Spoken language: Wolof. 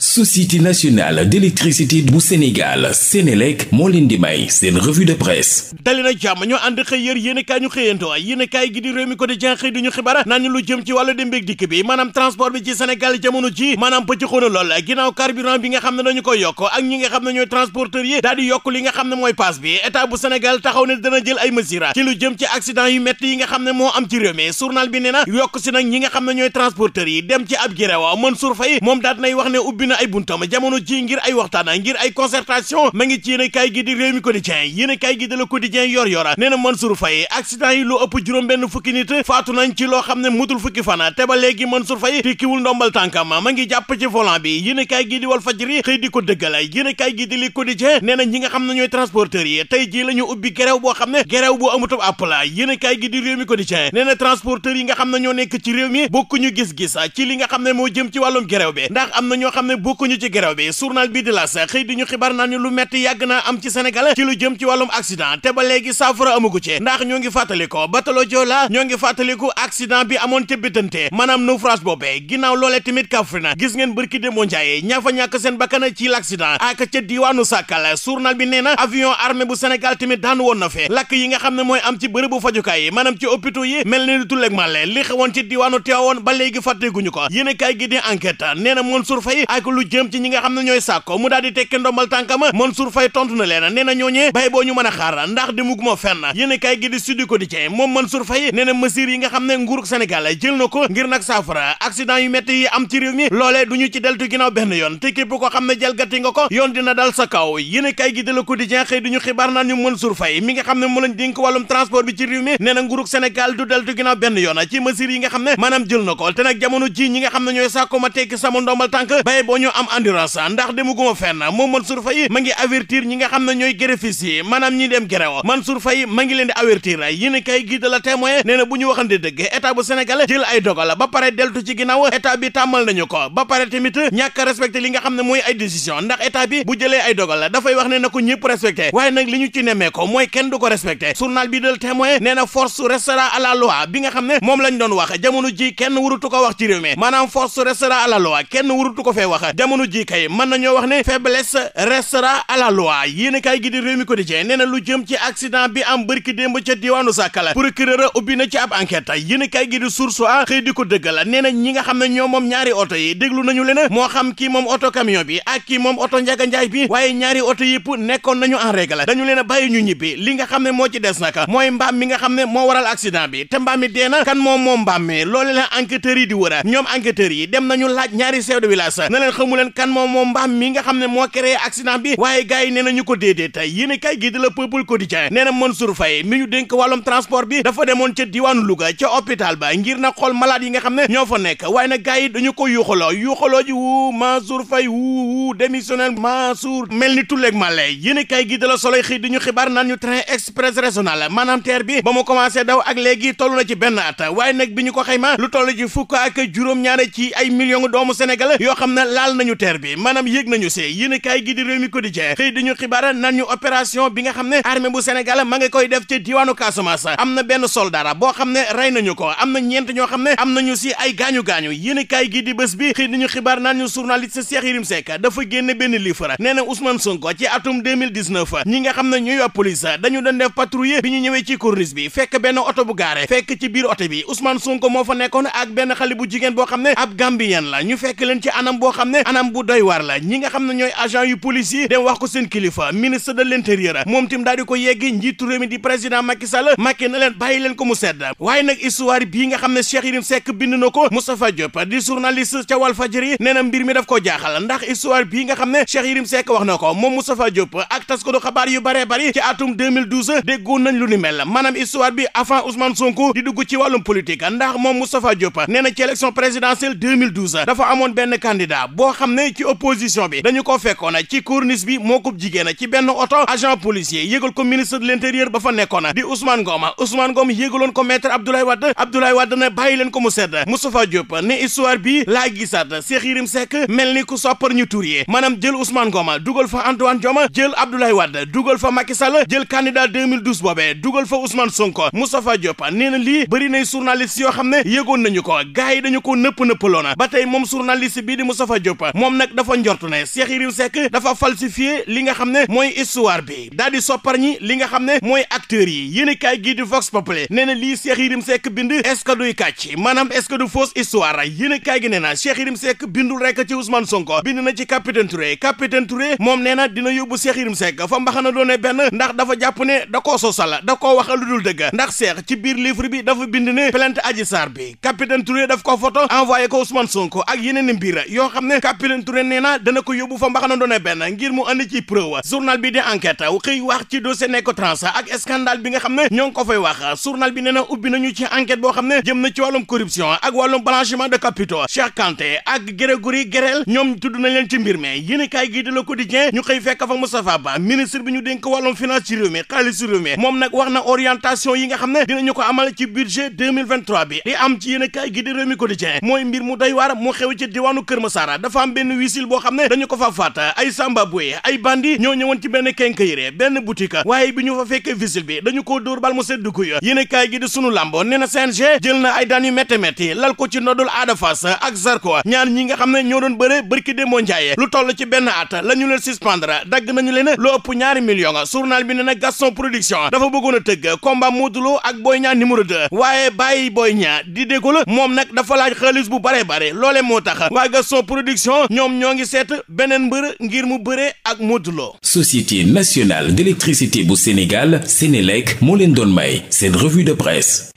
société nationale d'électricité bu Sénégal Sénélec moo leen di may seen revue de presse dali na jàmm ñoo ànd xëy yër yéenekaay ñu xëyantoo yéenekaay gi di Rewmi Quotidien xëy duñu xibaar naan lu jëm ci wàllu dem beeg bi maanaam transport bi ci Sénégal jamono ji maanaam pëccëxoona lool ginnaaw carburant bi nga xam ne dañu koy yokk ak ñi nga xam ne ñooy transporteurs yi daal yokk li nga xam ne mooy paas bi état bu Sénégal taxaw ne dana jël ay mesures moo am ci réew mi na ay buntam jamono ji ngir ay waxtaan ngir ay concertation ma ngi ci yéen a kaay gi di réew mi quotidien yéen di la quotidien yor na Mansour yi na ñi nga xam ne ñooy transporteurs yi tey ji la ñu ubbi gerew a kaay na transporteurs yi nga xam ne ñoo nekk ci réew mi bokkuñu gis-gis ci li nga xam ne moo jëm ci wàllum gerew bi ndax am na ñoo xam ne nag bokkuñu ci grève bi journal bi di la sa xëy di ñu xibaar naan ñu lu metti yàgg na am ci senegal ci lu jëm ci wàllum accident te ba léegi saafara amugu ci ndax ñoo ngi fàttaliko batalo Joola ñoo ngi fàttaliku accident bi amoon ca Bitante maanaam naufrage boobee ginnaaw loolee tamit Kaffrine gis ngeen bërki démoo Njaay ñaa fa ñàkk seen bakkan ci l'accident ak ca diwaanu Sàkkal journal bi nee na avion armée bu Sénégal tamit daan woon na fi lakk yi nga xam ne mooy am ci bërëbu fajukaay yi maanaam ci hôpitaux yi mel ni tulleeg male na Mansour Faye ak ko lu jëm ci ñi nga xam ne ñooy sàkko mu daal tekki ndombal tànkama Mansour Faye tontu na leen nee na ñooñee bay boo ñu mën a xaar ndax demuguma fenn yéen a kaay gi di Sud Quotidien moom Mansour Faye nee na mesures yi nga xam ne nguurug Sénégal jël na ko ngir nag saafara accident yu métti yi am ci réew mi loolee du ñu ci deltu ginnaaw benn yoon te képp koo xam ne jalgati nga ko yoon dina dal sa kaw yéen a kaay gi di Le Quotidien xëy du ñu xibaar naan xam ne mu lañ dénk wàllum transport bi ci réew mi nee na nguurug yoon ci mesures xam ne maanaam jël na ko te nag jamono ji ñi nga xam ne ñooy sàkko ma faaw ñu am endurance ndax demaguma fenn moom Mansour Faye ma ngi avertir ñi nga xam ne ñooy gréfis yi maanaam ñi dem gréwo Mansour Faye ma ngi leen di avertir yéen a kay gii da la témoin nee na bu ñu waxante dëgg état bu jël ay dogal ba pare deltu ci ginnaaw état bi tàmmal nañu ko ba pare tamit ñàkk li nga xam ne mooy ay décision ndax état bu jëlee ay dogal dafay wax ne na ko ñëpp respecté waaye nag li ñu ci nemmee ko mooy wax jamono ji kay mën nañoo wax ne faiblesse restera à la loi yéen kaay gi di réew mi quotidien lu jëm ci accident bi am bërki démb ca diwaanu Sakala procureur ubbi na a xëy na ñi nga xam ne ñoo moom ñaari oto yi déglu nañu leen moo xam kii moom oto camion bi ak kii moom oto njaga njaay bi waaye ñaari oto yëpp nekkoon nañu en règle dañu leen bàyyi ñu ñibbi li nga xam ne moo ci des nag mooy mbaam mi nga xam ne moo waral accident bi te mbaam mi dee na kan moom moom yi di wër ñoom leen xamu leen kan moom mbaam mi nga xam ne moo créé accident bi waaye gars yi nee ñu ko déedee tey yéen i kay gii di la peuple quotidien nee na Mansour Faye mi ñu dénk wàllum transport bi dafa demoon ca diwaanu Louga ca hôpital ba ngir na xool malade yi nga xam ne ñoo fa nekk waaye nag gars yi dañu ko yuuxaloo yuuxaloo ji wu Mansour Faye wu wu démissionnaire Mansour mel ni tulleeg ma yéen i kay gii di la soloy xëy di ñu xibaar naan ñu train express régional maanaam bi ba mu commencé daw ak léegi toll na ci benn at waaye nag bi ñu ko xayma lu toll ci fukk ak juróom ci ay millions doomu Sénégal laal nañu terre bi maanaam yéeg nañu si yéenekaay gi di réew mi quotidien xëy di xibaar nan ñu bi nga xam ne armée bu Sénégal ma ngi koy def ci diwaanu Casamance am na benn soldat boo xam ne rey nañu ko am na ñeent ñoo xam ne am nañu si ay gaañu-gaañu yéenekaay gi di bés bi xëy di ñu xibaar naan ñu journaliste Cheikh Yérim Seck dafa génn benn livre nee na Ousmane Sonko ci atum ñi nga xam ne ñuy waa police dañu doon def patrouille bi ñu ñëwee ci bu gaare fekk ci biir oto bi Ousmane Sonko moo fa nekkoon ak benn xale bu jigéen ne ab Gambien la ñu fekk ne anam bu doy waar la ñi nga xam ne ñooy agent yu police yi dem wax ko seen kilifa ministre de l'intérieur moom tim daal di ko yegg njiitu di président Macky Sall Macky na leen bàyyi leen ko mu sedd waaye nag histoire bii nga xam ne Cheikh Yérim Seck bind na ko Moustapha Diop di journaliste ca Walfadjri nee na mbir mi daf ko jaaxal ndax histoire bii nga xam ne Cheikh Yérim Seck wax na ko moom Moustapha Diop ak tas ko du xabaar yu bare bari ci atum 2012 déggoon nañ lu ni mel maanaam histoire bi avant Ousmane di dugg ci wàllum politique ndax moom Moustapha Diop nee na ci élection présidentielle 2012 dafa amoon benn candidat boo xam ne ci opposition bi dañu ko fekkoon ci corniche bi moo ko jigéen ci benn oto agent policier yégal ko ministre de l'intérieur ba fa nekkoon di Ousmane Ngom Ousmane Ngom yégaloon ko maître Abdoulaye Wade Abdoulaye Wade ne bàyyi leen ko mu sedd Moustapha Diop ne histoire bi laa gisaat Cheikh Yérim Seck mel ni ku soppar ñu tur yi maanaam jël usmaan Ngom dugal fa Antoine Diome jël wa Wade dugal fa Macky Sall jël candidat 2012 boobee dugal fa Ousmane Sonko Moustapha Diop nee na lii bëri nay journaliste yoo xam ne yégoon nañu ko gars yi dañu ko nëpp nëppaloon ba tey moom journaliste bii di Moustapha Diop Diop moom nag dafa njortu ne Cheikh Yérim Seck dafa falsifié li nga xam ne mooy histoire bi daal soppar ñi li nga xam ne mooy acteurs yi yéen i kaay gii di Vox Populi nee na lii Cheikh Yérim sekk bind est-ce que duy kàcc maanaam est-ce que du fausse histoire yéen i kaay gi nee na Cheikh Yérim Seck bindul rek ci Ousmane Sonko bind na ci capitaine Touré capitaine Touré moom nee dina yóbbu Cheikh Yérim Seck fa mbaxana doone benn ndax dafa jàpp ne da koo sosal da koo wax lu dul dëgg ndax Cheikh ci biir livre bi dafa bind ne plainte Adji Sarr bi capitaine Touré daf ko photo envoyé ko Ousmane Sonko ak yeneen mbir Kapilin Touré nee na dana ko yóbbu fa mbaxana doone benn ngir mu andi ci preuve journal bi di enquête xëy wax ci dossier Necotrans ak scandale bi nga xam ne ñoo ngi ko fay wax journal bi nee na ubbi nañu ci enquête boo xam ne jëm na ci wàllum corruption ak wàllum blanchiment de capitaux Cheikh Kanté ak Grégory Gerel ñoom tudd nañ leen ci mbir mi yéenekaay gi di Le Quotidien ñu xëy fekk fa Moustapha Ba ministre bi ñu dénk wàllum finance ci réew mi moom nag wax na orientation yi nga xam ne dinañu ko amal ci budget 2023 bi di am ci yéenekaay gi di Rewmi mooy mbir mu doy waar mu xew ci diwaanu Kër Massara dafa am benn wisil boo xam ne dañu ko fa faat ay samba boy ay bandi ñoo ñëwoon ci benn kenkayire benn boutique waaye bi ñu fa fekkee wisil bi dañu koo dóor bal mu seddu ko ya gi di sunu lambo nee na CNG jël na ay daan yu métti lal ko ci nodul Ada ak Zarko ñaar ñi xam ne ñoo doon bëre bërki lu toll ci benn at la ñu leen suspendre dagg nañu leen lu ëpp ñaari million journal bi nee Gaston production dafa bëggoon a tëgg Lo ak moo tax production ñoom ñoo ngi seet beneen mbër ngir mu bëree ak Modou Lo société nationale d'électricité bu Sénégal Sénélec moo leen doon may seen revue de presse